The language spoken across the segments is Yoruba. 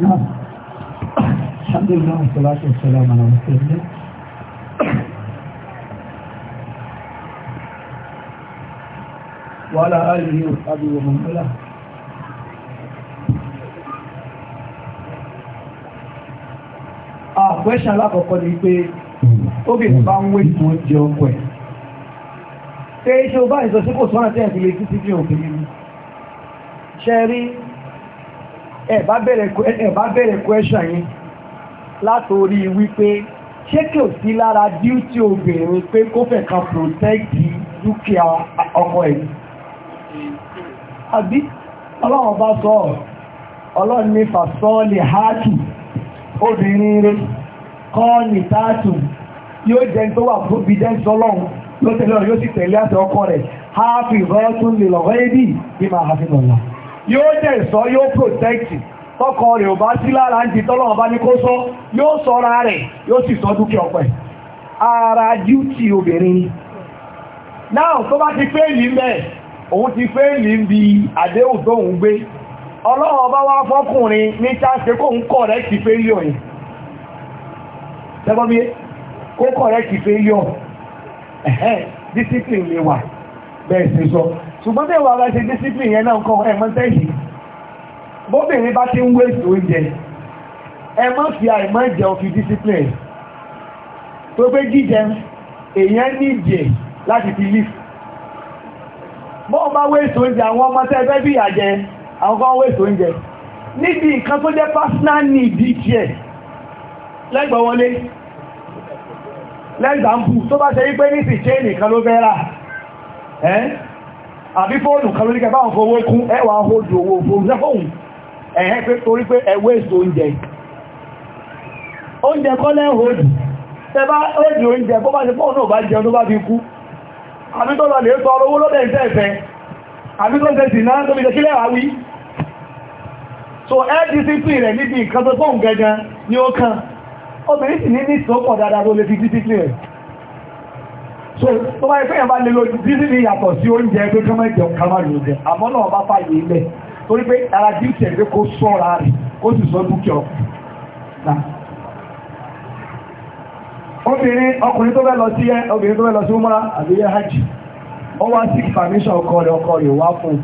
نعم الحمد لله والصلاة والسلام على رسول الله وعلى آله وصحبه ومن والاه àpẹ́ṣà ah, lákọ̀ọ́kọ́ ni pé obìnrin hmm. bá ń wé tí wọ́n jẹ ọkọ̀ ẹ̀ ṣe iṣẹ́ ọba ìsọsíkò sọ́nà tẹ́ẹ̀ fi lè títí bí òkè nínú ṣe rí ẹ bá bẹ̀rẹ̀ question yín látorí wípé ṣé kò sí lára duty obìnrin pé kó fẹ́ kan protect dúkìá ọkọ ẹ̀ àbí ọlọ́run bá sọ ọlọ́run ní fàṣọ́ọ̀lì háàtù obìnrin rẹ̀ kọ́ọ̀lì táàtù yóò jẹ́ tó wà fún bí jẹ́ sọ́lọ́run ló tẹ̀lé ọ̀rọ̀ yóò sì tẹ̀lé àti ọkọ rẹ̀ háàfì rọ́ọ̀tún lè lọ́rọ̀ ẹbí bí máa hàfihàn lọ́la yóò jẹ́ ìsọ́ yóò protect tọ́kọ rẹ̀ ò bá sí lára ń ti tọ́lọ́wọ́ bá ní kó sọ yóò sọ́ra rẹ̀ yóò sì sọ dúkìá ọpẹ́ ara duty obìnrin náà tó bá ti fẹ́ẹ̀lì mẹ́ òun ti fẹ́ẹ̀lì ń bi àdéhùn tó ń gbé ọlọ́wọ́ bá wá fọ́kùnrin ní chance kó ń kọ̀ rẹ̀ ti fẹ́ẹ̀lì ọ̀yìn tẹ́gbọ́n bí discipline lè wà bẹ́ẹ̀ sí sọ ṣùgbọ́n tẹ́ wà rẹ̀ ṣe discipline yẹn náà kọ́ ẹ̀mọ́ tẹ́yìn bóbìnrin bá ti ń wéṣì oúnjẹ ẹ̀mọ́ fi àìmọ́ jẹun fi discipline tó pé jíjẹ èèyàn ní ìjẹ láti fi lift bọ́ bá wéṣì oúnjẹ àwọn ọmọ tẹ́ fẹ́ bí àjẹ àwọn kan wéṣì oúnjẹ níbi nǹkan tó jẹ́ personal need tó bá ṣe wípé ní sì ṣe nìkan ló fẹ́ rà ẹ́ àbí fóònù kan lórí kẹbá àwọn fowó kún ẹwà hóòdù owó fóònù sẹ́fóònù ẹ̀hẹ́ pé torí pé ẹwé èso oúnjẹ oúnjẹ kọ́ lẹ́hòòdù tẹbá hóòdù oúnjẹ bó bá ṣe fóònù bá jẹun tó bá fi kú àbí tó lọ lè sọ owó lóbẹ̀ ìfẹ́ẹ̀fẹ́ àbí tó ṣe sì náà tó fi ṣekílẹ̀ wá wí so ndcp rẹ̀ níbi nǹkan tó fóònù gẹ́gẹ́ ni ó kan obìnrin sì ní ní ìsọ́pọ̀ dáadáa tó lè fi discipline rẹ̀ so tó bá ẹgbẹ́ ìyàmbá lè lójú dídí ní yàtọ̀ sí oúnjẹ pé kọ́mọ̀ ìjọ kama lòójẹ àmọ́ náà bá fàyè ilẹ̀ torí pé ara díìtì ẹgbẹ́ kó sọ́ra rẹ̀ kó sì sọ dúkìá obìnrin ọkùnrin tó fẹ́ lọ sí obìnrin tó fẹ́ lọ sí umra àbíyẹ hajj ó wá sí permission ọkọ rẹ̀ ọkọ rẹ̀ wá fún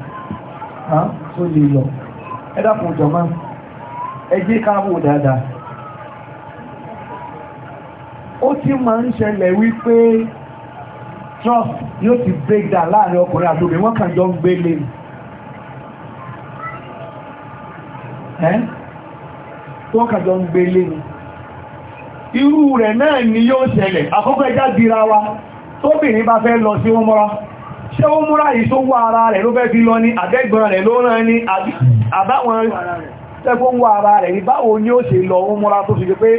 tó lè lọ ẹ dákun jọmọ ẹ jẹ́ ká wò dáadáa ó ti máa ń ṣẹlẹ̀ wípé trust yóò ti break down láàrin ọkùnrin àti obìnrin wọ́n kàn jọ ń gbé lè wọ́n kàn jọ ń gbé lè irú rẹ̀ náà ni yóò ṣẹlẹ̀ àkọ́kọ́ ẹjá dira wa tóbìnrin bá fẹ́ lọ sí ọmọra ṣé ó múra yìí tó wà ara rẹ̀ ló fẹ́ fi lọ ní àdẹ́gbọ́n rẹ̀ ló rán ní àbáwọn tẹ́kọ́ ń wà ara rẹ̀ ní báwo ni ó ṣe lọ ọmọra tó ṣe pé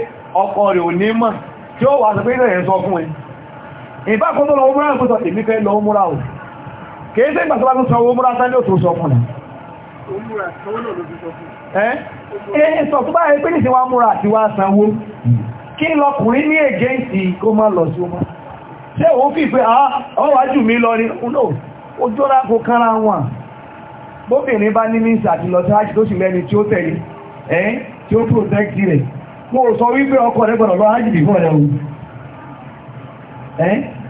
ọkọ rẹ̀ ò ní mọ̀ tí ó wà sọ pé rẹ̀ sọ fún ẹ ìbá kó tó lọ múra ìpútọ̀ èmi fẹ́ lọ múra o kìí sí ìgbàtọ́lá tó sọ múra sáré ò tó sọ fún un ẹ́ sọ tó bá rí pé nìsí wá múra àti wá sanwó kí lọkùnrin ní ègéǹsì kó má lọ sí ọmọ ṣé òun fi pé ah, ọwájú mi lọ ní ojóra oh, kó kára wọn bóbìnrin bá ní mínísà àti lọ sáájú tó sì lẹ́ni tí ó tẹ̀lé ẹ́ tí ó protect rẹ̀ mo sọ wípé ọkọ rẹ̀ gbọ́dọ̀ lọ ájì bí fún ọ̀rẹ́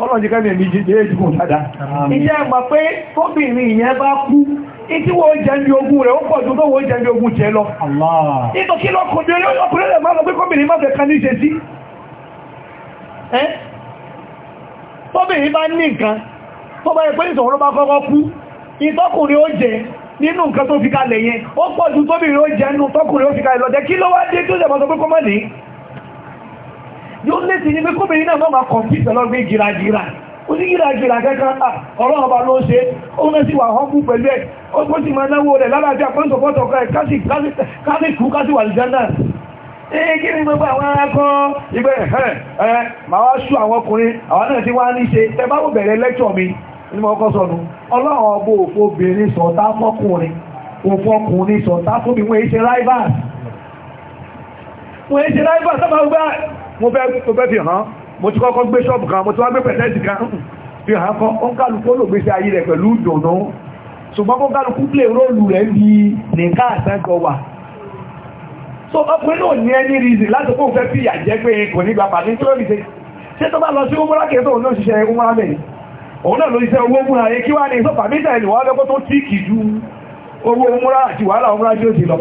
ọlọ́run jẹ́ kẹ́mì jíjẹ́ ìdìbò dada ìjẹ́ ẹgbà pé tóbìnrin ìyẹn bá kú ìtí wo jẹ́ndì ogun rẹ̀ ó pọ̀ jù tó wo jẹ́ndì ogun jẹ́ lọ ìtò kí lọ́kùnrin ọkùnrin rẹ̀ máa lọ pé kóbìnrin má fẹ́ kan ní ṣe sí tóbìnrin bá ní nǹkan tó bá yẹ pé ìṣòro bá kọ́kọ́ kú ìtọ́kùnrin ó jẹ nínú nǹkan tó fi kalẹ̀ yẹn ó pọ̀ jù tóbìnrin ó jẹ́ nù tọ́kùnrin ó fi kalẹ̀ lọ jẹ́ kí ló wá dé tó jẹ́ yóò lé sí ní pé kóbìnrin náà máa kọ̀ǹtì pẹ̀lọ́gbé gíragíra ó gíragíra kẹ́kẹ́ ọba ló ṣe ó sí wà họ́pù pẹ̀lú ẹ̀ ó sì máa náwó rẹ̀ ee ẹ̀ ma wá ṣe ẹ mo fẹ́ fi hàn mo ti kọ́kọ́ gbé ṣọ́ọ̀bù kan mo ti wá gbé pẹ̀tẹ́ẹ̀tì kan fi hàn kọ́ ó ń kálukú ó lò gbé sí ayé rẹ̀ pẹ̀lú ìdùnnú ṣùgbọ́n kó kálukú plé róòlù rẹ̀ bí nìkan àtẹ́jọ wà so ọkùnrin náà ní ẹni reason láti kó fẹ́ fi ìyà jẹ́ pé kò ní gbà pàdé tó lórí ṣe tó bá lọ sí umura kẹta òun náà ṣiṣẹ́ umura mẹ́rin òun náà lórí iṣẹ́ owó múra rẹ̀ kí wá ní ìsọ́pàá mítà ẹni wà lọ́kọ́ tó tí kì ju owó umura àti wàhálà umura jí ó ti lọ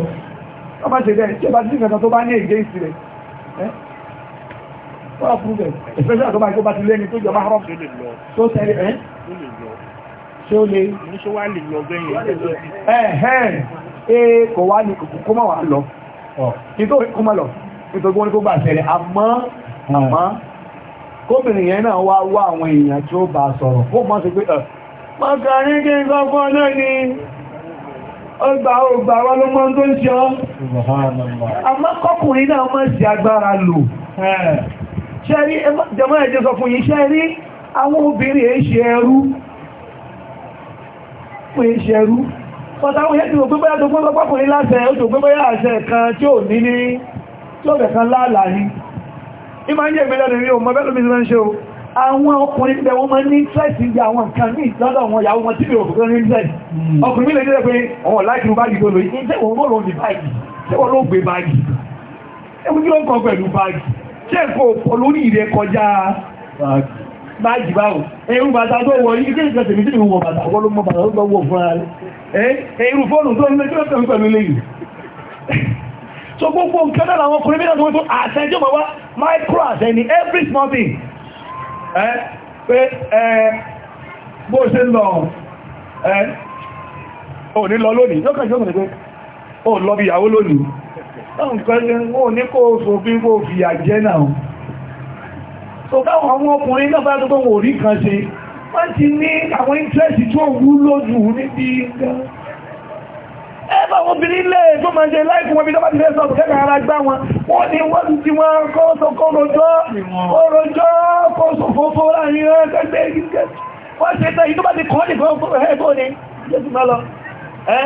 wọ́n fúrúbẹ̀ ìfẹ́sẹ̀ àtọ́bà tó bá ti lẹ́ni tó jọba rọ́ tó tẹ́lẹ̀ ẹ́ ṣe ó lè ṣe wá lè lọ bẹ́yìn ẹ̀ẹ́ kò wá ní kò má wà lọ nítorí kó má lọ nítorí wọ́n ní kó gbà tẹ́lẹ̀ àmọ́ àmọ́ kóbìnrin yẹn náà wá wá àwọn èèyàn tí ó bá sọ̀rọ̀ kó mọ́ sí pé ẹ̀ mọ́kàrí kí n kọ́ fún ọjọ́ ni ọgbà ọgbà wá ló o tó ń ṣe ọ́ àmọ́ kọkùnrin náà mọ́ sí agbára lò ṣẹ́rí jẹmọ́ ẹ̀jẹ́ sọ fún yìí ṣẹ́rí àwọn obìnrin èṣẹ́ ẹrú fún èṣẹ́ ẹrú pọ̀tàwọn yẹ́ ti rò gbégbé ẹ̀dùn gbégbé pọ́kùnrin láṣẹ ẹ̀dùn gbégbé àṣẹ kan tí ò ní ní tí ó bẹ̀kan láàlárí ìmá ń jẹ́ ìgbélẹ̀ rí o mọ́ bẹ́lú mi ń ṣe o àwọn ọkùnrin bẹ wọ́n máa ní tẹ́ẹ̀sì ìjà àwọn nǹkan ní ìtọ́lọ̀ wọn yàwó wọn tí bí òkùnkùn ní tẹ́ẹ̀sì hmm. ọkùnrin mílẹ̀ jẹ́ pé ọ̀wọ̀n láìkì ní báyìí tó lò ní tẹ́wọ̀n ló gbé báyìí ẹgbẹ́ ló ń kọ pẹ̀lú báyìí ṣé nǹkan òpó lórí rẹ kọjá báàgì báwo ẹ̀rù bàtà tó wọ ní ilé ìjọ tèmi tí mi wọ bàtà wọ́n ló mọ bàtà tó wọ fún ara ẹ̀rù fóònù tó so gbogbo nǹkan náà làwọn ọkùnrin mẹ́ta tó wọ́n tó àṣẹ jọmọ̀ wá micro every small thing ẹ́ pé ẹ́ bó ṣe lọ ẹ́ ò ní lọ lónìí yóò kàn nǹkan ní kó sòfin kó fìyà jẹ náà so káwọn ọmọ ọkùnrin náà bá tó wò rí kan ṣe wọ́n ti ní àwọn ìntẹ́sì tó wúlò jù níbi nǹkan ẹbá wọn obìnrin lè tó máa jẹ láìkún wọn bí lọ́pàá ti fẹ́ sọ kẹ́kà ara gbá wọn wọ́n ni wọ́n ti ti wọn kọ́ sọ kọ́rọjọ́ kọ́rọjọ́ kọ́ sọ fófó láàrin ẹgbẹ́ ìgbẹ́ wọ́n ṣe tẹ́ ìdúbà ti kọ́ nìkan ẹgbẹ́ òní jẹ́ ti máa lọ ẹ́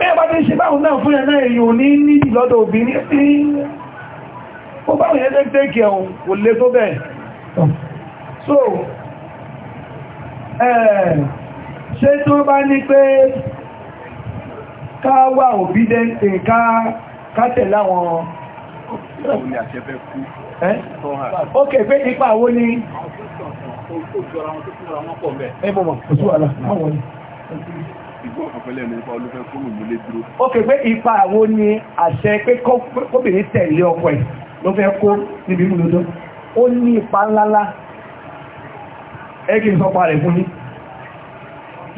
bẹ́ẹ̀ bá ti ṣe báhùn náà fún ẹ̀nà èèyàn ní níbi lọ́dọ̀ òbí ní sí ó báhùn yẹ́ tẹ́kẹ́ kí ẹ̀hùn kò lè tó bẹ́ẹ̀ so ṣe tó bá ní pé ká wà òbí dẹ́ntẹ̀ ká tẹ̀lé àwọn ok pé ipa wo ni gbọ́ ọ̀pẹ̀lẹ̀ nípa olúfẹ́ kúrò múlé dúró. ó kè pé ipa àwọn ni àṣẹ pé kóbìnrin tẹ̀lé ọkọ ẹ̀ ló fẹ́ kó níbi múlòdó ó ní ipa ńláńlá ẹgbẹ́ ìsọpa rẹ̀ fún ní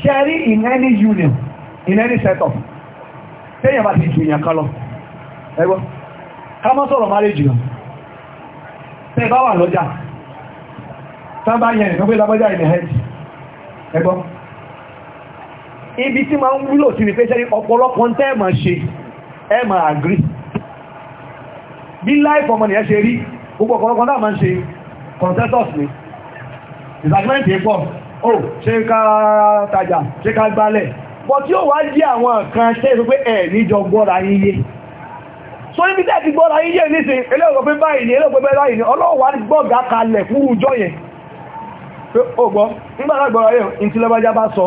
ṣẹ́rí in any union in any setup tẹ́yàn bá ti jù èèyàn kan lọ ẹgbọ́ ká mọ́ sọ̀rọ̀ marriage lọ tẹ́ bá wà lọ́jà tán yẹn ìsọpẹ́ lábọ́jà ìnìyàn ibi tí ma ń wúlò sí ní pẹ́sẹ́rí ọ̀pọ̀lọpọ̀ tẹ́ ma ṣe ẹ ma àgírí bí life ọmọ nìyẹn ṣe rí gbogbo ọ̀pọ̀lọpọ̀ náà ma ń ṣe consensus ni disagreement yẹn pọ̀ o ṣe ká tajà ṣe ká gbálẹ̀ bọ̀ tí ó wá jẹ́ àwọn kan ṣe é pé ẹ̀ níjọ gbọ́ra yíyé so níbi tẹ́ ti gbọ́ra yíyé nísìn eléògbé pé báyìí ni eléògbé pé báyìí ni ọlọ́wà gbọ́gà kalẹ̀ fúrú jọ yẹn pé ó gbọ́ nígbàtà gbọ́ra yẹn ìtìlẹ́bàjá bá sọ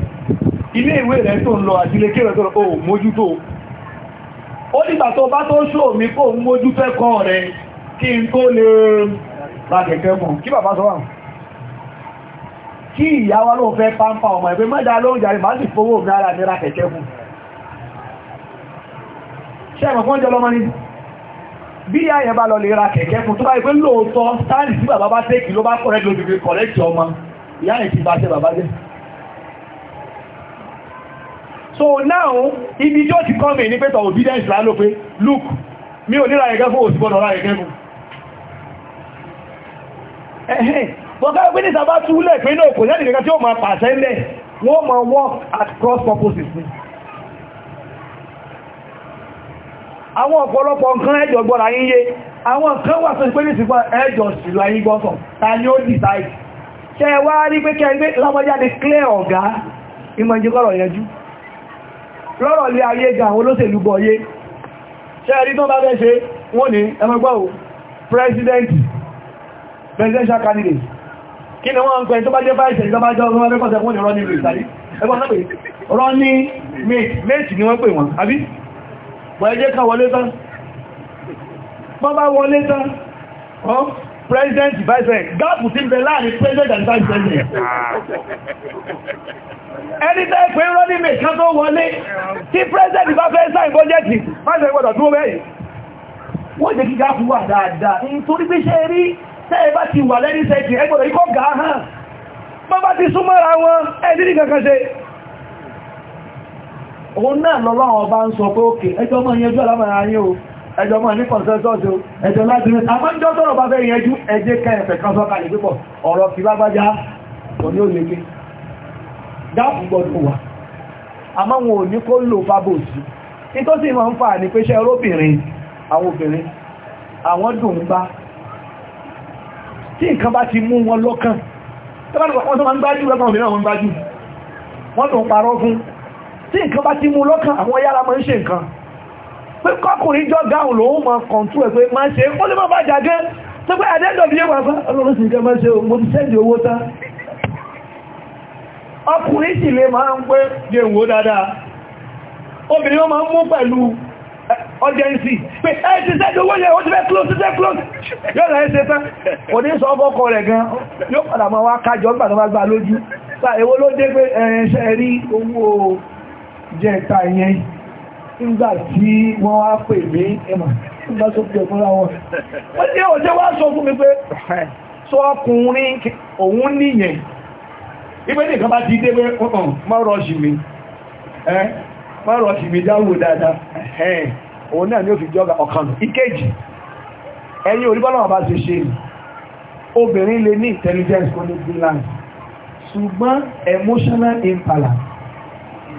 ilé ìwé rẹ̀ tó ń lọ àdílékè rẹ̀ tó ò mójútó ó nígbà tó bá tó ṣó mi kó ń mójútó ẹ̀kọ́ rẹ̀ kí n tó lè ra kẹ̀kẹ́ mọ̀ kí bàbá sọ wà kí ìyá wa ló fẹ́ pàmpá ọmọ ẹgbẹ́ mẹ́dà ló ń jàrí máa sì fowó mi ara ní ra kẹ̀kẹ́ mọ̀ ṣe ẹ̀mọ̀ fún ọjọ́ lọ́mọ ní bí ayẹ̀ bá lọ lè ra kẹ̀kẹ́ fún tó bá ìpé lóòótọ́ sáàrì sí bàbá bá tẹ́kì ló bá kọ̀rẹ́ lóògbé kọ̀rẹ́ ọmọ ìyá ẹ̀ ti bá tẹ́ bàbá jẹ́ so now ibi tí ó ti kọ́mì ní of obedience lálò pé look mi ò níra ẹgẹ́ fún òsìgbọ́nà ọ̀rá ẹgẹ́ fún ẹ̀hẹ́ bọ̀ká pé ní sábá túlẹ̀ pé náà kò lẹ́nì kẹta tí ó máa maa lẹ̀ work at cross purposes ni àwọn ọ̀pọ̀lọpọ̀ nǹkan ẹjọ́ gbọ́ra yín awọn àwọn nǹkan wà tó pé ní si ẹjọ́ sílọ ta ni decide lọ́rọ̀ lé ayé gan àwọn olóṣèlú bọ̀yé ṣẹ́rí tó bá fẹ́ ṣe wọ́n ní ẹmọgbọ́ o president presidential candidate kí ni wọ́n ń pẹ́ tó bá jẹ́ báyìí ṣẹ̀lú lọ́bájọ́ ọmọ ẹgbẹ́kọ́sẹ̀ wọ́n ní running running mate mate ni wọ́n pè wọ́n àbí wọ́n ẹjẹ́ ká wọlé tán bọ́ bá wọlé tán president vice president gáàpù tí ń bẹ láàrin president and vice president ẹni tẹ́ pé running mate kan tó wọlé tí president bá fẹ́ sáì bọ́jẹ́tì fásitì gbọ́dọ̀ tó bẹ́ẹ̀ wọ́n jẹ́ kí gáàpù wà dáadáa nítorí pé ṣe rí tẹ́ẹ̀ bá ti wà lẹ́ni sẹ́kì ẹgbọ́dọ̀ ikọ́ gà hàn bọ́bá ti súnmọ́ra wọn ẹni ní kankan ṣe òun náà lọ́lọ́wọ́ bá ń sọ pé òkè ẹjọ́ mọ́ ìyẹn jọ́ lámàrà ayé o ẹjọ́ mọ́ ní kọ̀nsẹ́sọ́sì o ẹjọ́ láti rí àmọ́jọ́ tọ́rọ bá fẹ́ yẹjú ẹjẹ́ kẹfẹ̀ kan sọ́kà lè pípọ̀ ọ̀rọ̀ fi lágbájá kò ní òlékè dáàbù gbọdọ̀ wà àmọ́ wọn ò ní kó lò fábòsí nítòsí ìmọ̀ ń fà ní pé ṣẹ́ róbìnrin àwọn obìnrin àwọn dùn bá tí pé kọkùnrin jọ gáhùn lòun mọ̀ kọ̀ntú ẹ̀ pé máa ṣe ó lè máa bá jàgẹ́ tó pé àdẹ́dọ̀bí yẹ́ wọ́n ọlọ́run sì jẹ́ máa ṣe mo ti sẹ́ndì owó tán ọkùnrin sì lè máa ń pé jẹun dáadáa obìnrin ó máa ń mú pẹ̀lú ọjẹ́nsì pé ẹ ti sẹ́ndì owó yẹ ó ti fẹ́ close ti fẹ́ close yóò rẹ̀ ṣe tán kò ní sọ ọkọ̀ rẹ̀ gan yóò padà máa wá kájọ nígbà tó bá gbà lójú nígbà tí wọ́n wá pè mí ẹmà nígbà tó pè fúnra wọn ó ní òjẹ́ wá sọ fún mi pé sọ ọkùnrin òun nìyẹn ibẹ́ nìkan bá ti dé pé ọ̀hàn má rọ́ọ̀ṣì mi má rọ́ọ̀ṣì mi dáwò dáadáa ẹ̀hẹ́n òun náà bá ti ṣe obìnrin lè ní intelligence kò ní bí ṣùgbọ́n emotional imbalance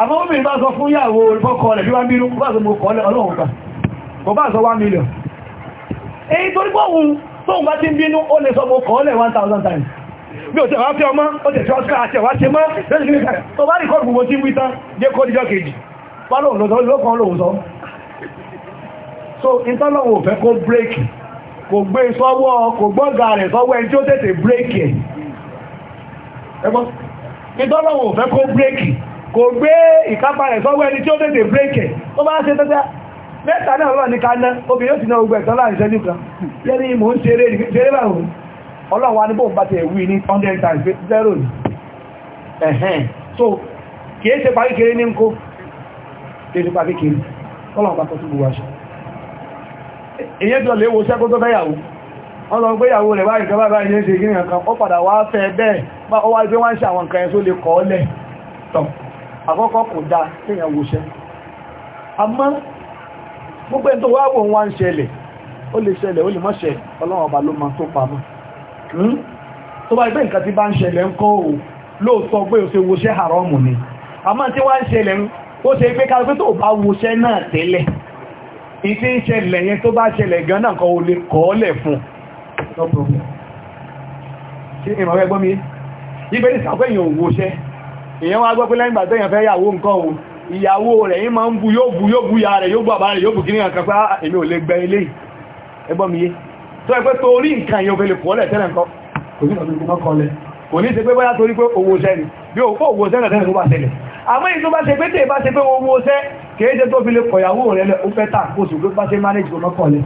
àmọ́ ó mìí bá sọ fún yàwó olùfọ́kọ́ rẹ̀ bí wá bínú bá sọ mọ́ kọ́lẹ̀ ọlọ́run ká kò bá sọ 1 million èyí torí pọ́hun tóhun bá ti ń bínú ó lè sọ mọ́ kọ́lẹ̀ 1000 times bí o tẹ́ wá fẹ́ ọmọ ó tẹ́ tí ọ́síkà àti ẹ̀wà ṣe mọ́ tó bá rí kọ́ gbogbo tí ń wítán jẹ́ kó díjọ́ kejì wá lóòrùn lọ́sọ́ lọ́kàn lóòrùn sọ so ìtọ́lọ́wọ̀ fẹ́ kó bírèkì kò gbé e sọ́wọ́ kò gbọ́gà rẹ̀ sọ́wọ́ ẹni tí ó tètè bírèkì ẹ̀ ẹgbọ́n ìtọ́lọ́wọ̀ fẹ́ kó bírèkì kò gbé ìkápá rẹ̀ sọ́wọ́ ẹni tí ó tètè bírèkì tó bá ṣe tẹ́tẹ́ mẹ́ta náà lọ́nà ní kaná obìnrin ó ti náà gbogbo ẹ̀tọ́ láàrin ìṣẹ́jú kan yẹ́ni mò ń ṣeré báwọn wa ní bóun bá ti ẹ̀wí ní 100 ni so ihe ọlọ́run pé rẹ̀ báyìí àkọ́kọ́ kò dá kíyàn wòṣẹ́ àmọ́ gbogbo tó wá o ń ṣẹlẹ̀ ó lè ṣẹlẹ̀ ó lè má ṣẹlẹ̀ ló ma tó hmm? tó bá ìgbẹ́ nǹkan ti bá ń ṣẹlẹ̀ ń kọ́ ò lóòtọ́ pé o ṣe wòṣẹ́ haramu ni àmọ́ tí wá ń ṣẹlẹ̀ ó ṣe pé tó bá wòṣẹ́ náà tẹ́lẹ̀ ń ṣẹlẹ̀ yẹn tó bá ṣẹlẹ̀ gan náà kọ́ o lè fún èyàn wá gbọ́ pé lẹ́yìn gbàtẹ́yàn fẹ́ yàwó nǹkan o ìyàwó rẹ̀ yí ma ń bu yóò bu yóò bu ya rẹ̀ yóò bu àbá rẹ̀ yóò bu kí ní ọ̀kan pé ah, èmi ò lè gbẹ ilé ẹgbọ́n mi yé tó ẹgbẹ́ tó orí nǹkan yóò fẹ́ lè kọ́lẹ̀ tẹ́lẹ̀ nǹkan kò sí ọ̀dún kan kọlẹ̀ kò ní ṣe manage kò mọ́ kọlẹ̀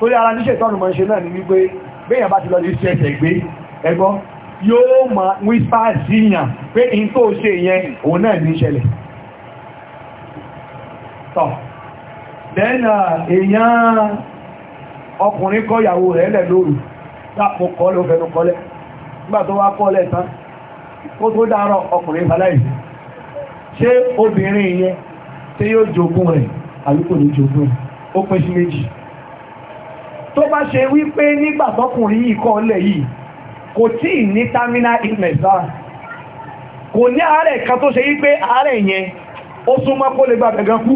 torí ara níṣẹ́ tọ́nù mọ́ ṣe náà ni wípé béèyàn bá ẹgbọ́n yóò mọ̀ wípá síyàn pé in tó ṣe yẹn òun náà ní ṣẹlẹ̀ tọ́ dẹ́nà uh, èèyàn ọkùnrin kọ́ ìyàwó rẹ̀ lẹ̀ lóru lápò kọ́lẹ̀ ó fẹ́nu kọ́lẹ̀ nígbà tó wá kọ́lẹ̀ tán ó tó dárọ̀ ọkùnrin faláì ṣé obìnrin yẹn tí yóò jogún rẹ̀ àbí kò ní jogún rẹ̀ ó pín sí méjì tó bá ṣe wípé nígbà tọkùnrin yìí kọ́lẹ̀ yìí kò tí ì ní terminal illness lára kò ní àárẹ̀ kan tó ṣe yí pé àárẹ̀ yẹn ó súnmọ́ kó lè gbàgbẹ̀ gan kú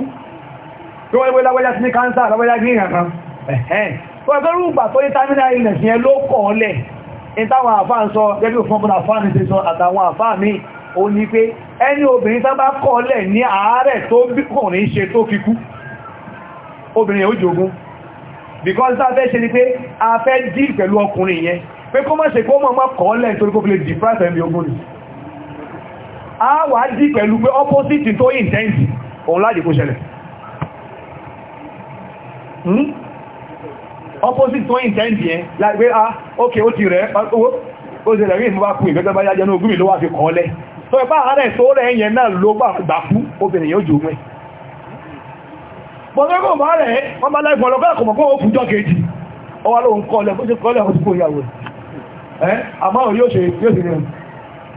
tó wọ́n wé láwẹ́já sí ní káńsà láwẹ́já ní ìrànkan ẹ̀hẹ́n tó ẹgbẹ́ rúgbà tó ní terminal illness yẹn ló kọ̀ọ́lẹ̀ ìtàwọn àfáà ń sọ gẹ́gẹ́ òfin ọmọdé àfáà ní tẹ̀sán àtàwọn àfáà mi ó ní pé ẹni obìnrin sábà kọ̀ọ́lẹ̀ ní àárẹ̀ tó kùnrin ṣe tó fi kú obìnrin ẹ̀ ó jogun because tá a fẹ́ ṣe ni pé a fẹ́ díì pẹ̀lú ọkùnrin yẹn pé kó má ṣe kó mọ̀ má kọ́ọ́lẹ̀ torí kó fi lè deprive ẹ̀mí ogun ni a wà dí pẹ̀lú pé opposite tó intense òun láti kó ṣẹlẹ̀ hmm? opposite tó intense yẹn láti pé a ah, ok ó ti rẹ̀ ó ṣe lẹ̀rí ìmú bá kú ìgbẹ́gbẹ́ bá yájẹ́ ní ogún mi ló wà fi kọ́ọ́lẹ̀ tó ẹ̀pá àárẹ̀ tó rẹ̀ yẹn náà ló gbà fún obìnrin yóò jòmọ́ ẹ̀ bọ̀dọ́gbọ̀n bá rẹ̀ wọ́n bá láìpọ̀ lọ́gbà kọ̀mọ̀kọ́ òfújọ́ kejì ọwá lóhun kọ́ọ̀lẹ̀ fún ṣe kọ́ọ̀lẹ̀ ọdún kò yàwó àmọ́ òun yóò ṣe yóò ṣe rẹ̀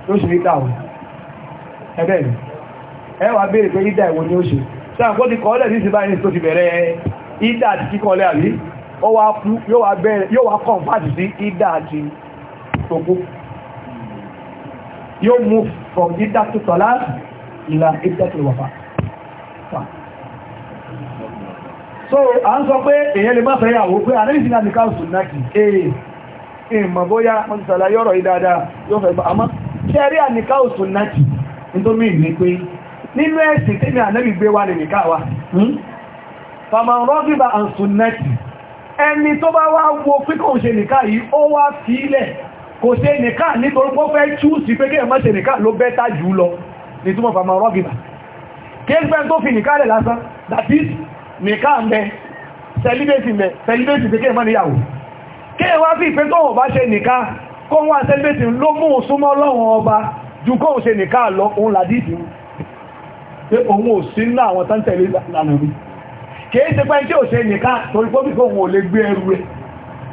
yóò ṣe ìdá òun ẹgbẹ́ rẹ̀ ẹ wà béèrè pé ìdá ìwò ni ó ṣe sáà ti kọ́ọ́lẹ̀ ní ìsìnbá yìí tó ti bẹ̀rẹ̀ ìdá àti kíkọ́ọ́lẹ̀ àrí ó wá kú yóò wá kọ̀ǹfàtì sí ìdá from ìdá tó so ń sọ pé èyàn lè má fẹ́ yàwó pé àrẹ́bìsí náà ní náà kìí ìmọ̀ bóyá wọ́n ti sàlàyé ọ̀rọ̀ yìí dáadáa yóò fẹ́ bá àmọ́ ṣẹ́rí àníká òsùn náà kì nítorí ìní pé nínú ẹ̀sìn tí mi ànábì gbé wà nìkà wa fàmàn rọ́gbìbà àǹsùn náà kì ẹni tó bá wá wo pé kò ṣe nìkà yìí ó wá fílẹ̀ kò ṣe nìkà nítorí pé ó fẹ́ chúùsì pé kéèmọ́ ṣe nìkà ló bẹ́ta jù lọ nítumọ̀ fàmàn rọ́gbìbà kéègbẹ́ tó fi nìkà rẹ̀ lásán that is nìkà ń bẹ celibacy ń bẹ celibacy pé kéèmọ́ kéè wá sí ìfẹ́ tóhùn bá ṣe nìká kó wá sẹ́lẹ̀bẹ̀tì ló mú súnmọ́ lọ́wọ́n ọba ju kó ṣe nìká lọ òun làdídì pé òun ò sí ńlá àwọn tán tẹ̀lé lànà rí kéè ṣe pẹ́ tí ò ṣe nìká torí pọ́bí kó òun ò lè gbé ẹrù rẹ̀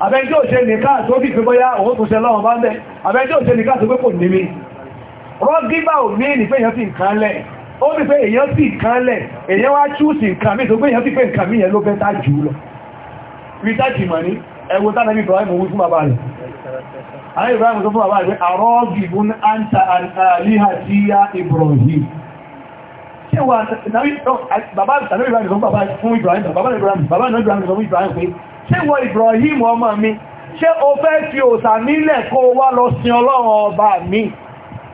abẹ́ tí ò ṣe nìká tó bí pé bóyá òun tó ṣe lọ́wọ́n bá ń bẹ́ abẹ́ tí ò ṣe nìká tó pé kò ními rọ́gígbà ò ní ní pé èèyàn ti nǹkan lẹ̀ ó ní pé èèyàn ti nǹkan lẹ̀ èèyàn wá chúùsì nǹkan mi tó pé èèyàn ti pé nǹkan mi yẹn ló bẹ́ tá jù lọ rí tá jìmọ̀ ní ẹwọ tánà bí Ibrahim wú fún bàbá rẹ̀ ayé Ibrahim tó fún bàbá rẹ̀ arọ́gìbún àǹtà àríhà tí yá Ibrahim ṣe wà bàbá tàbí Ibrahim fún bàbá fún Ibrahim bàbá Ibrahim bàbá Ibrahim fún Ibrahim pé ṣe wọ Ibrahim ọmọ mi ṣe o fẹ́ fi òsà nílẹ̀ kó wá lọ sin Ọlọ́run ọba mi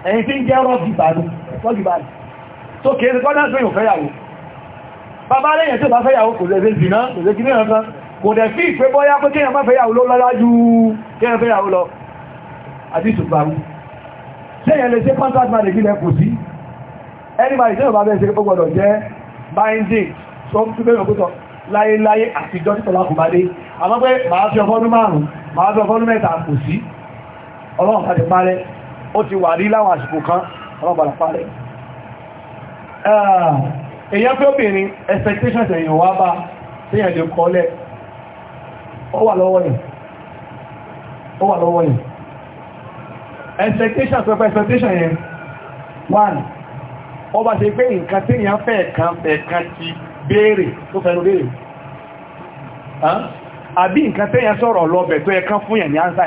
ẹ̀yìn tí ń jẹ́ rọ́gìbàdì tó kéré kọ́nà tó yóò fẹ́yàwó bàbá lẹ́yìn tó bá fẹ́yàwó kò lè kò dẹ̀ sí ìfẹ́ bọ́yá pé kíyàn máa fẹ́yàwó ló lọ́lá ju kíyàn fẹ́yàwó lọ àti ìtùgbàmù sẹ́yàn lè ṣe contract marriage ilẹ̀ kò sí anybody tẹ́yàn bá bẹ́ẹ̀ ṣe gbọ́gbọ́dọ̀ jẹ́ binding tó ń túnbẹ̀ òkútọ̀ láyéláyé àti ìjọ́ títọ̀lá kò bá dé àmọ́ pé máa fi ọfọ́dún márùn-ún máa fi ọfọ́dún mẹ́ta kò sí ọlọ́run ká ti parẹ́ ó ti wà rí láwọn àsìkò kan ọlọ́run padà parẹ́ èyàn pé obìnrin expectations èyàn wá bá téèyàn lè kọ́lẹ̀ ó wà lọ́wọ́ yìí ó wà lọ́wọ́ yìí expectation pẹ̀pẹ̀ expectation yẹn one ó bá ṣe pé nǹkan tí èyàn fẹ́ kan fẹ́ kan ti béèrè tó fẹ́nu béèrè àbí nǹkan tí èyàn sọ̀rọ̀ lọ́bẹ̀ tó ẹkan fún yẹn ní ánsà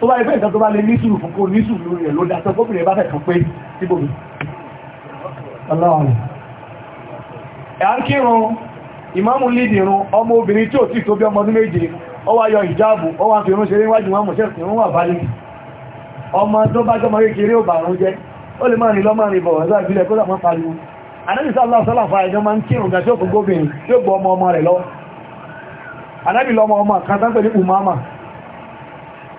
tó bá ẹgbẹ́ ìtàn tó bá lè ní sùúrù fún kó ní sùúrù lórí ẹ̀ ló dá sọ gómìnà bá fẹ̀kan pé síbò mi ọlọ́run ẹ̀há kírun ìmáàmù lídìrún ọmọ obìnrin tí ò tí tó bí ọmọ ọdún méje ó wá yọ ìjáàbù ó wá fi irun ṣeré wájú wọn mọ̀ṣẹ́ ìrún wà bá lẹ́yìn ọmọ tó bá jọmọ kékeré ò bàrún jẹ ó lè máa rìn lọ máa rìn bọ̀ ọ̀dọ́ ìbílẹ̀ kó lọ́mọ pariwo anábì sallallahu umama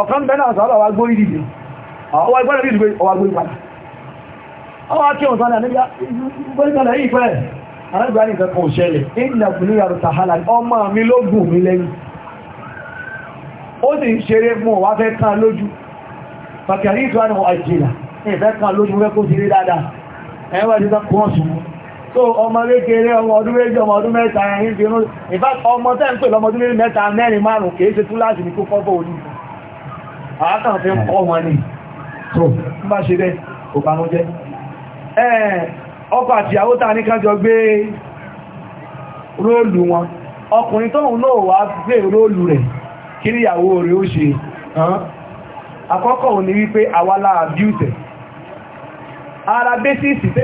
ọ̀kan bẹ̀rẹ̀ àṣà ọwà gbórí dìde ọwà ìgbọ́nà bí ìgbé ọwà gbórí padà ọwà kí ọ̀sán náà níbi gbórígbàlà yìí pẹ́ arábìnrin nǹkan kan ṣẹlẹ̀ ìlà fúnlẹ̀ yàrù tàhálà ọmọ mi ló gùn mi lẹ́yìn ó sì ń ṣeré mú ọwà fẹ́ kan lójú pàkàrí ìtọ́nà àjìlà ìfẹ́ kan lójú fẹ́ kó sí rí dáadáa ẹ̀wà ìdíta kún ọ̀sùn so ọmọ lékeré ọmọ ọdún méjì ọmọ ọdún mẹ́ta ẹ̀yìn fi rún ìfẹ́ ọmọ tẹ́ ń pè lọmọ ọdún mẹ́ta mẹ́rin márùn-ún kìí ṣe túláàsì ní kó fọ́fọ́ òní àátàn fi ń kọ́ wọn ni. tó ń bá ṣe bẹ́ òbánújẹ́ ọkọ àti ìyàwó tàà ní kájọ gbé róòlù wọn ọkùnrin tóhun náà wà gbé róòlù rẹ̀ kí ìyàwó rẹ̀ ó ṣe àkọ́kọ́ òní wípé àwálà abúùtẹ̀ ara bẹ́sìsì fi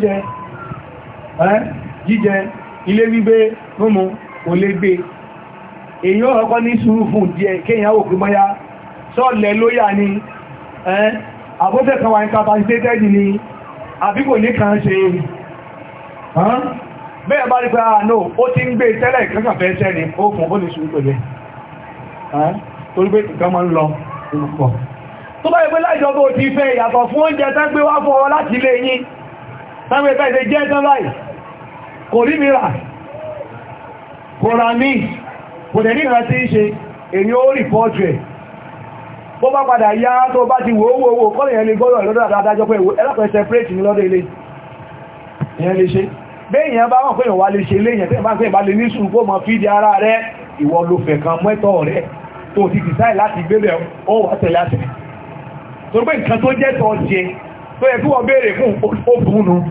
ń jíjẹ ilé gbígbé múmu kò lè gbé èyí ọ̀rọ̀kọ́ ní sùúrù fún díẹ̀ kéèyàn wò pé bọ́yá sọ́ọ̀lẹ̀ lóyà ni àbófẹ́ kan wà ní capacitated ni àbí kò ní kan ṣe bẹ́ẹ̀ bá rí pé àà ah, náà ó ti ń gbé tẹ́lẹ̀ ìkẹ́kànfẹ́ ṣẹ́ ni ó fún ó ní sùúrù pẹ̀lú torí pé ìkan máa ń lọ olùkọ́ tó bá ìpé láìjọba ò ti fẹ́ ìyàtọ̀ fún oúnjẹ tán gbé wá fún ọ láti ilé yín tán gbé fẹ́ ṣe jẹ́ tán báyìí kò rí mi rà kò rà mí kò dẹ̀ ní ìran tí ń ṣe èyí ó rí pọ́ọ̀tù ẹ̀ bó bá padà yá tó bá ti wò owó owó kọ́lẹ̀ yẹn lè gbọ́rọ̀ lọ́dọ̀ adájọ́ pé ẹlọ́pẹ̀ separate ní lọ́dọ̀ ilé ìyẹn lè ṣe béèyàn bá wọ́n pé ìwà lè ṣe léèyàn tí ìbáṣẹ́ ìbá lè ní sùn kó mọ fídí ara rẹ ìwọ ló fẹ̀ kan mẹ́tọ̀ rẹ tó ti dìsáì láti gbébẹ̀ ó wà tẹ̀lé àtẹ̀ tó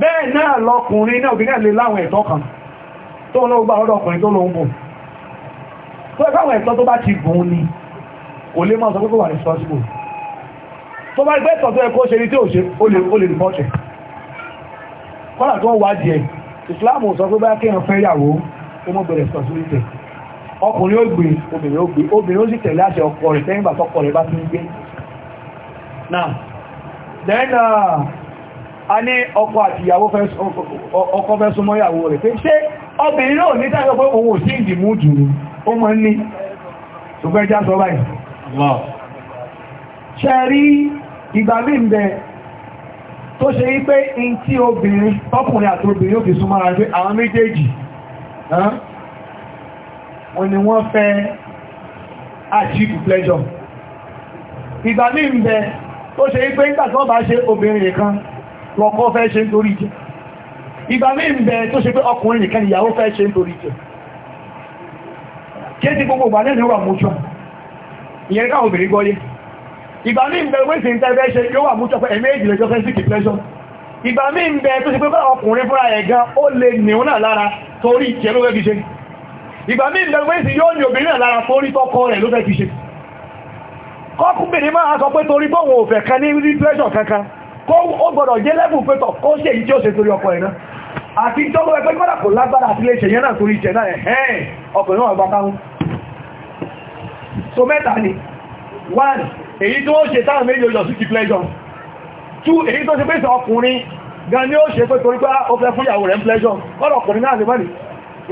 bẹ́ẹ̀ náà lọkùnrin náà obìnrin lè láwọn ẹ̀tọ́ kan tó ń lọ́gbà ọ̀dọ̀ ọkùnrin tó lóun bò tó ẹ̀kọ́ àwọn ẹ̀tọ́ tó bá ti gùn ni kò lè máa sọ pé kò wà ní tó bá gbé ẹ̀tọ́ tó ẹ̀kọ́ ṣe ní tí ó lè rìpọ́ọ̀tẹ̀ ó a ní ọkọ àti ìyàwó ọkọ fẹ́ súnmọ́ ìyàwó rẹ̀ pé ṣé obìnrin náà ní tàbí pé òun ò sí ìdìmú jùlọ ó mọ́ ní ṣùgbọ́n ẹjá sọ báyìí ṣe rí ìgbà mí ń tó ṣe yí pé achieve pleasure ìgbà mí ń bẹ tó ṣe yí obìnrin nìkan lọ́kọ́ fẹ́ ṣe ń torí jẹ ìgbà mí ń bẹ tó ṣe pé ọkùnrin nìkan ìyàwó fẹ́ ṣe ń torí jẹ kí é ti gbogbo ìgbà lẹ́nu wà mújọ ìyẹn káwọn obìnrin gbọ́yé ìgbà mí ń bẹ wéṣì ń tẹ́fẹ́ ṣe yóò wà mújọ pé ẹ̀mẹ́ ìjìnlẹ̀ jọ fẹ́ sí depression ìgbà mí ń bẹ tó ṣe pé ọkùnrin fúnra ẹ̀ gan ó lè nìún náà lára torí ìjẹ́ ló fẹ́ fi ṣe ìgbà mí ń bẹ wéṣì yóò ní obìnrin náà lára torí tọkọ rẹ̀ ló ó gbọ́dọ̀ jẹ́ lẹ́bùn pẹ́tọ̀ kó ṣe èyí tí ó ṣe torí ọkọ ẹ̀ náà àti tọ́gbọ́ ẹgbẹ́ gbọ́dà kò lágbára àti léṣe yẹn náà torí ìṣẹ̀ náà ẹ̀hẹ́n ọkùnrin náà gbá káhún so mẹ́ta ni 1 èyí tó ṣe táwọn méjì ojò sí ti pleasure 2 èyí tó ṣe pèsè ọkùnrin gan ni ó ṣe pé torí pé ó fẹ́ fún ìyàwó rẹ̀ pleasure ọ̀rọ̀ ọkùnrin náà lè wà ní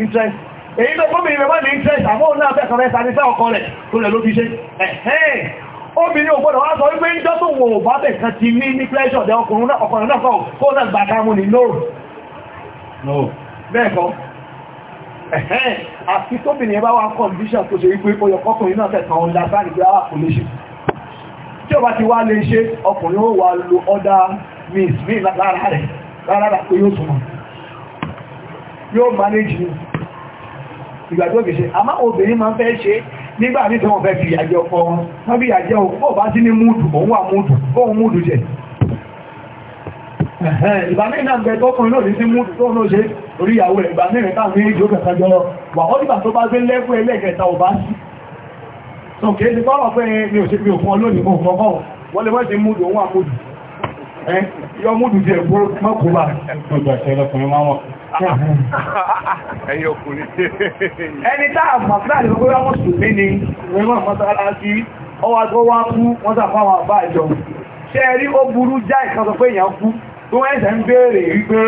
interest èyí tó gómìnà wà ní interest àmọ́ òun náà fẹ́ kan rẹ̀ sáré sá ọkọ rẹ̀ tó rẹ̀ ló obìnrin ò gbọ́dọ̀ wá sọ wípé ìjọ́ tó wọ̀n bá bẹ̀ kan ti ní ní pleasure dẹ ọkùnrin náà ọkùnrin náà kọ́ kó náà gbà ká mú ní lóòrùn bẹ́ẹ̀kọ́ ẹ̀hẹ́n àti tóbìnrin bá wá condition tó ṣe wípé ó yọ kọkùnrin náà tẹ̀kan ọ̀dá bá ní pé àwà ah, kò lè ṣe tí ó bá ti wá lè ṣe ọkùnrin ó wà lo ọ̀dá means mean lára rẹ̀ lára pé yóò túnmọ̀ yóò manage ìgbàgbọ́ nígbà ní tí wọ́n fẹ́ fi ìyàjẹ́ ọkọ wọn wọ́n bí ìyàjẹ́ ọkọ bá sí ní múùdù òun wà múùdù kóhun múùdù jẹ ìbámẹ́ náà bẹ tọ́kùnrin náà ní sí múùdù tó náà ṣe orí ìyàwó rẹ̀ ìbámẹ́ rẹ̀ táwọn méjì ó kẹta jọ wà ó dìgbà tó bá gbé lẹ́kù ẹlẹ́kẹta ò bá sí sọ kìí ti kọ́rọ̀ pé mi ò ṣe pé òfin ọlọ́ni mo fọ́ kọ́ wọ́n lè wọ́n ti múùdù òun àmúùdù ẹ̀yìn ọkùnrin ẹni táà màfíà lè gbogbo ọmọ sùnmí ni rẹmọ̀ mọ́sára sí ọwà tó wá kú wọ́n sàfáwọn àbá ìjọ ṣe rí ó burú já ìkan sọ pé èèyàn kú tó wọ́n ẹ̀sẹ̀ ń béèrè wípé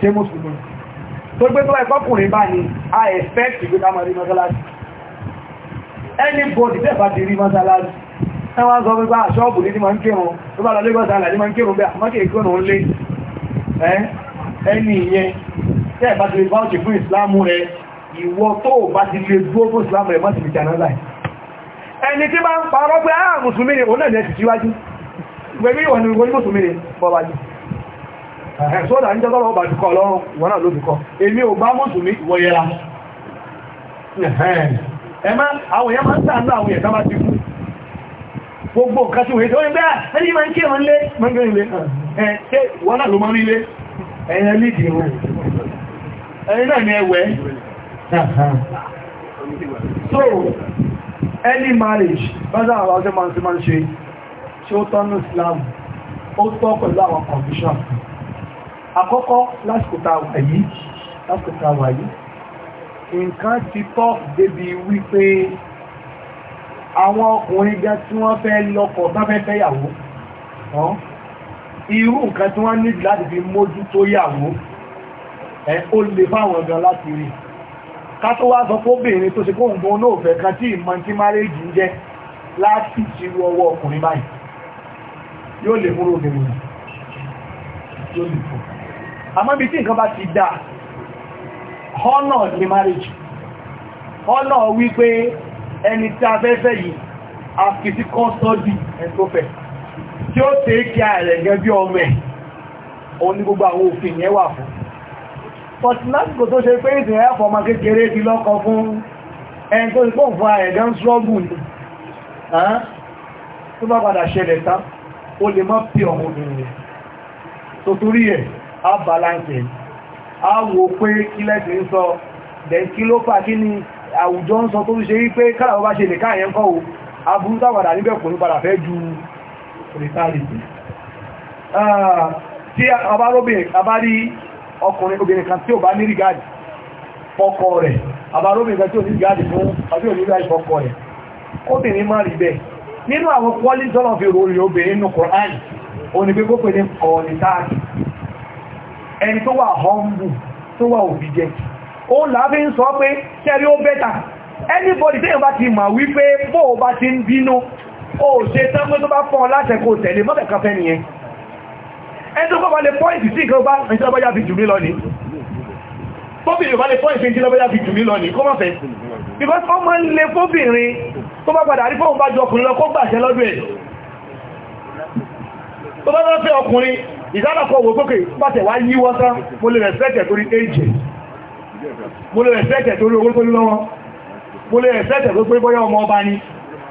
ṣe mùsùlùmí tó gbé tó ẹ̀kọ́kùnrin bá ní a expect ìgbé ká máa rí mọ́sálásí anybody tẹ́ bá ti rí mọ́sálásí ẹwà sọ pípa ah, ṣọ́ọ̀bù ní ti máa ń kírun tó bá lọ lẹ́gbọ́sálà ní máa ń kírun bẹ́ẹ̀ àmọ́kì ìkírun lé ẹni ìyẹn tẹ́ ẹ̀ ti bá fún ìsìláàmù rẹ ìwọ tó bá ti lè dúró fún ìsìláàmù rẹ mọ́ sí ìjà náà ẹni tí bá ń parọ́ pé àà ah, mùsùlùmí ni òun náà ti síwájú pẹ̀lú ìwọ̀n ìwọ̀n mùsùlùmí ni bọ́bá jù sódà ní jọ́gọ́rọ̀ ọba jùkọ́ lọ́rùn ìwọ̀n náà ló bìkọ́ ma wọ́n máa ń ẹ̀yẹn lídì ìhò ẹ̀yìn náà ni ẹwẹ́ so any marriage bẹ́sẹ̀ àwọn ọjọ́ máa ti máa ṣe ṣe ó tọ́nú Islam ó tọ́ pẹ̀lú àwọn condition àkọ́kọ́ lásìkò tá wà yìí lásìkò tá wà yìí nǹkan ti tọ́ débi wípé àwọn ọkùnrin gan tí wọ́n fẹ́ lọ́kọ bá fẹ́ fẹ́yàwó irú nǹkan tí wọ́n níbi láti fi mójú tó yàwó ẹ ó lè fáwọn ọ̀dọ́ láti rí ká tó wá sọ fóbìnrin tó ṣe kó nǹkan olóòfẹ́ kan tí ìmọ̀ tí márèjì ń jẹ́ láti ṣírú ọwọ́ ọkùnrin báyìí yóò lè múrò obìnrin yóò lè fún àmọ́ bí tí nǹkan bá ti dáa ọ̀nà ni márèjì ọ̀nà wípé ẹni tí a fẹ́ fẹ́ yìí a fi ẹ̀ tó fẹ́ tí ó tẹ́ kí ààrẹ gẹ́gẹ́ bí ọmọ ẹ̀ òun ní gbogbo àwọn òfin yẹn wà fún but lásìkò tó ṣe pé ìtìyàn ẹ̀fọ́ ọmọ kékeré ti lọ́kọ fún ẹni tó ti pọ̀ fún ààrẹ gan ṣọ́gù ni tó bá padà ṣẹlẹ̀ tán ó lè mọ́ pí ọmọ obìnrin tó torí ẹ̀ á balance á then kí ló fà kí ni àwùjọ ń sọ tó ṣe wípé káàkiri bá ṣe lè káàyẹn kọ́ solidarity ah, tí abárí ọkùnrin obìnrin kan tí ò bá ní rígáàdì fọ́kọ rẹ̀ abárí obìnrin kan tí ò ní rígáàdì fún ọdí ò ní rígáàdì fọ́kọ rẹ̀ kóbìnrin má rí bẹ́ẹ̀ nínú àwọn pọ́lí sọ́nà fi rò rí obìnrin nínú Kùránì onígbé kó pè ní kọ̀ọ̀lì táàkì ẹni tó wà họ́mbù tó wà anybody tí èyàn bá ti mọ̀ wípé bóò bá ti o ṣe tán pé tó bá fún ọ láti ẹ̀kọ́ tẹ̀lé mọ́bẹ̀ kan fẹ́ nìyẹn ẹni tó kọ́ bá lè pọ́ìntì sí nǹkan bá ń tẹ́lọ́bá yá fi jù mí lọ ní fóbìnrin bá lè pọ́ìntì sí lọ́bá yá fi jù mí lọ ní kó mọ́fẹ́ because ó máa ń lè fóbìnrin tó bá padà rí fóun bá ju ọkùnrin lọ kó gbàṣẹ lọ́dún ẹ̀ tó bá lọ́fẹ́ ọkùnrin ìdánakọ̀ wò gbókè pàtẹ̀ wá yíwọ́ sán mo lè rẹ̀sẹ̀kẹ̀ torí èjì mo lè rẹ̀sẹ̀kẹ̀ torí owó tó lọ́wọ́ mo lè rẹ̀sẹ̀kẹ̀ tó pé bọ́yá ọmọ ọba ni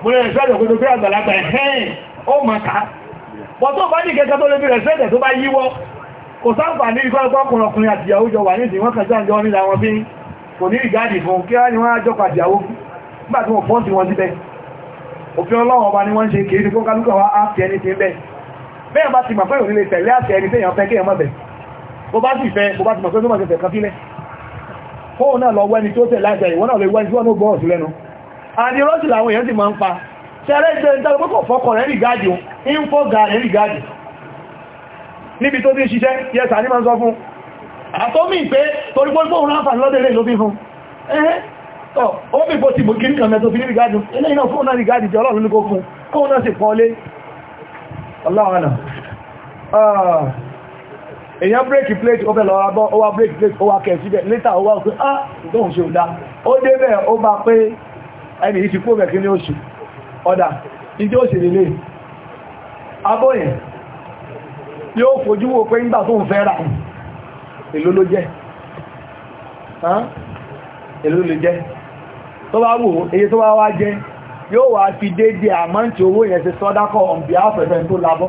mo lè rẹ̀sẹ̀dẹ̀ kó tó fẹ́ àgbàlagbà ẹ̀hẹ́n ó mọ̀ ká bọ́ tó bá ní kẹta tó lè fi rẹ̀sẹ̀dẹ̀ tó bá yíwọ́ kò sáǹfà ní ikọ́ ọgbọ́kùnrin ọkùnrin àti ìyàwó jọ wà ní ìsìn wọ́n kẹta ìjọ nílà wọn bí kò ní ìgáàdì fún kí wọ́n ni wọ́n jọ pàdì àwó nígbà tí wọ́n fọ́n sí wọn síbẹ̀ òfin ọlọ́run ọba ni wọ́n ṣe kìí ní kọ́kálùkọ́ wá áfẹ́ ẹni tí ń bẹ̀ bẹ́ẹ̀ bá ti mọ̀ pé ònílé tẹ̀lé àfẹ́ ẹni tẹ́yàn fẹ́ kéèyàn mọ̀bẹ̀ bó bá sì fẹ́ bó bá ti mọ̀ pé tó mọ̀ tẹ̀fẹ̀ kan sílẹ̀ kóò náà lọ wẹ́ni tó tẹ̀ láìsẹ̀ ìwọ́n náà lè wẹ́ni tí wọ́n ó gbọ́ ọ̀sùn lẹ́nu àti rọ́sì làwọn èèyàn ti máa ń pa tẹ́rẹ́ ìṣẹ́ ìtàlẹ̀ pẹ́kọ̀ fọ́kọ̀ rẹ̀ rìgáàdì o ń fọ́gà rẹ̀ rìgáàdì níbi tó ti ṣiṣẹ́ yẹta ní máa sọ fún àtọ́mì pé torí pé òun ráfà lọ́dẹ̀ẹ́lẹ́ ló fi fún ẹ̀hẹ́ ó bí bó ti bò kìí kan mẹ́tò fi ní rìgáàdì eléyìí náà fún náà rìgáàdì jẹ́ ọlọ́run ní kó fún kó náà sì pọ́lé ọlọ́run ah. èyàn bírèkì plate ó fẹ́ lọ wá bọ́ ó wá bírèkì plate ó wá kẹ̀ síbẹ̀ létà ó wá pé ah ìdóhùn ṣe ò dá ó débẹ̀ ó bá pé ẹni ìfi kó bẹ̀kí ní oṣù ọ̀dà ìdí ó sì lè abóyìn yóò fojú wo pé ńgbà tó ń fẹ́ rà èló ló jẹ́ èló ló jẹ́ tó bá wò èyí tó bá wá jẹ́ yóò wá fi dédé àmọ́ntí owó yẹn ṣe sọ́dákọ̀ ọ̀bí àfẹ́fẹ́ tó labọ́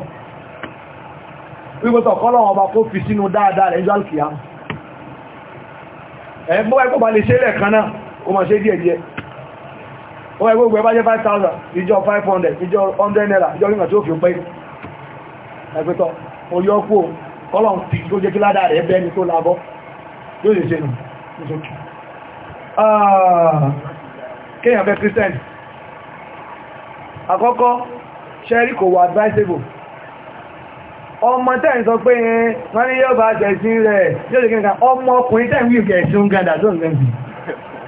wípótọ̀ kọ́lọ̀ ọba kó fi sínú dáadáa rẹ̀ jọ́ ó wáyé gbogbo ẹbá jẹ́ 5,000 ìjọ 500 ìjọ 100 naira ìjọ ríngà tí ó fi pẹ́ ẹgbẹ́tọ̀ oyọ́kú kọ́lọ̀n tí ó jẹ́ kí ládà rẹ̀ bẹ́ni tó lábọ́ yóò lè ṣe nù ah, kéèyàn fẹ́ christian àkọ́kọ́ ṣẹ́rí kò advisable ọmọ tẹ́ ń sọ pé wọ́n ní yóò bá jẹ̀sí rẹ̀ yóò lè kí ọmọ ọkùnrin tẹ́ ń wí ìgẹ̀ẹ́sí ń gẹ́dà tó ń gẹ́gbì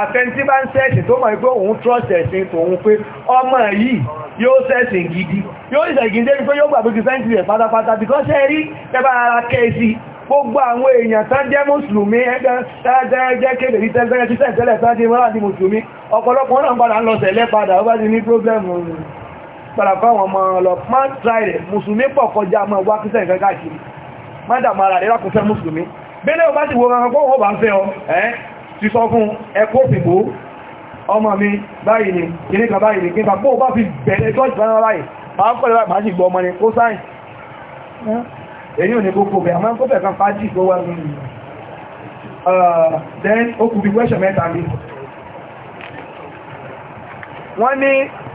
àfẹ́ntí bá ń sẹ́ẹ̀sì tó mọ̀ pé òun trust ẹ̀sìn tòun pé ọmọ yìí yóò sẹ́ẹ̀sìn gidi yóò ìsẹ̀gìn débi pé yóò gbàgbé kìfẹ́ntì rẹ̀ pátápátá because ẹ̀rí ẹbá ara kẹ́ẹ̀sì gbogbo àwọn èèyàn tán jẹ́ mùsùlùmí ẹgbẹ́ jẹ́ kéde ní tẹ́gbẹ́rẹ́ tí sẹ́ẹ̀tẹ́lẹ̀ tán jẹ́ mọ́lá ní mùsùlùmí ọ̀pọ̀lọpọ̀ náà padà ń lọ sẹ̀lẹ̀ padà ó bá ti ní pírọ́blẹ̀mù padà fáwọn ọmọ ọlọ́pàá tráìlẹ̀ mùsùlùmí pọ̀ kọjá mọ́ wá kí sẹ́ẹ̀kẹ́ káàkiri mádàmà rà rẹ̀ rákùnfẹ́ mùsùlùmí bẹ́lẹ̀ ò bá ti wo ọmọ ọgbọ́n ò bá fẹ́ ọ ti sọ fún ẹkọ́ òfìbò ọmọ mi báyìí ni kìníkà báyìí ni kìníkà bó bá fi bẹ̀rẹ̀ george báyìí báyìí máa ń pẹ̀lẹ̀ máa sì gbọ́ ọmọ ni kó sáyìn èyí ò ní gbogbo bẹ̀ àmọ́ kó bẹ̀ kan fájì tó wà nínú then ó kù bí wẹ́ṣọ̀ mẹ́ta ní wọ́n ní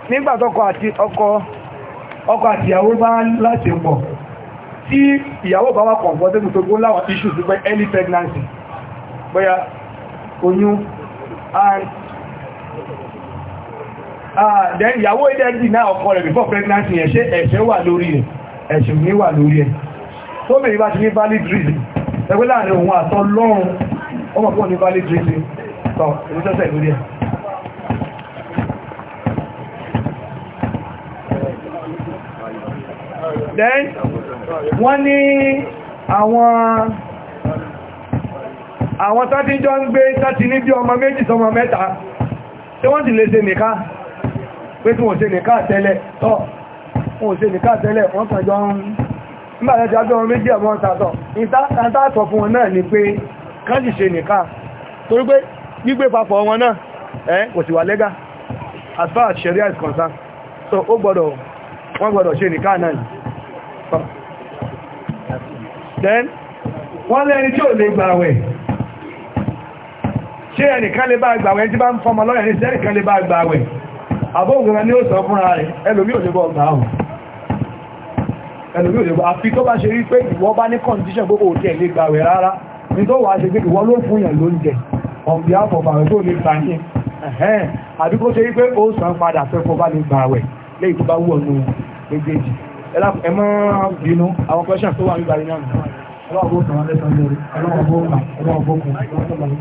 nígbà tọ́kọ àti ọkọ ọkọ àti ìyàwó bá láti pọ̀ tí ìyàwó bá wà comfortable tó gbó láwọn issues pẹ́ early pregnancy bóyá oyún and ah, ah, then ìyàwó ìdẹ́dì náà ọkọ rẹ̀ before pregnancy ẹ̀ ṣe ẹ̀ṣẹ̀ wà lórí ẹ̀ ẹ̀ṣẹ̀ ní wà lórí ẹ̀ tó mẹ́rin bá ti ní valid reason ẹgbẹ́ láàrin òun àtọ́ lọ́run ọmọ pọ̀ ní valid reason tọ́ ìrúsẹ́sẹ̀ then wọ́n ní àwọn àwọn tàbí ń gbé tàbí ní bí ọmọ méjì sọmọ mẹ́ta tí wọ́n ti lè ṣe nìká pé tí wọ́n ṣe nìká tẹ́lẹ̀ tọ́ wọ́n ṣe nìká tẹ́lẹ̀ wọ́n kàn jọ ń nígbàtí àjọ ọmọ méjì ọmọ tàtọ̀ as far as sharia is concerned so then wọ́n lẹ́ni tí ò lè ṣé ẹnìkan lè bá gbàwẹ̀ tí bá ń fọmọ lọ́yẹ̀ ní sẹ́nìkan lè bá gbàwẹ̀ àbóǹgbẹ̀rẹ̀ ni ó sọ fúnra rẹ̀ ẹlòmí ò lè bọ́ gbà áhùn ẹlòmí ò lè bọ́ àfi tó bá ṣe rí pé ìwọ bá ní kọ́ndíṣàn gbogbo òtí ẹ̀ lè gbàwẹ̀ rárá tó wà ṣe pé ìwọ ló fún yàn lóúnjẹ on behalf of àwọn tó lè gbà yín ẹ̀hẹ́n àbí kó ṣe rí pé ó sàn padà fẹ́ kó bá lè gbàwẹ̀ lẹ́yìn tó bá wù ọ̀nà méjèèjì ẹ mọ́ bínú àwọn kọ́ṣà tó wà nígbà yín náà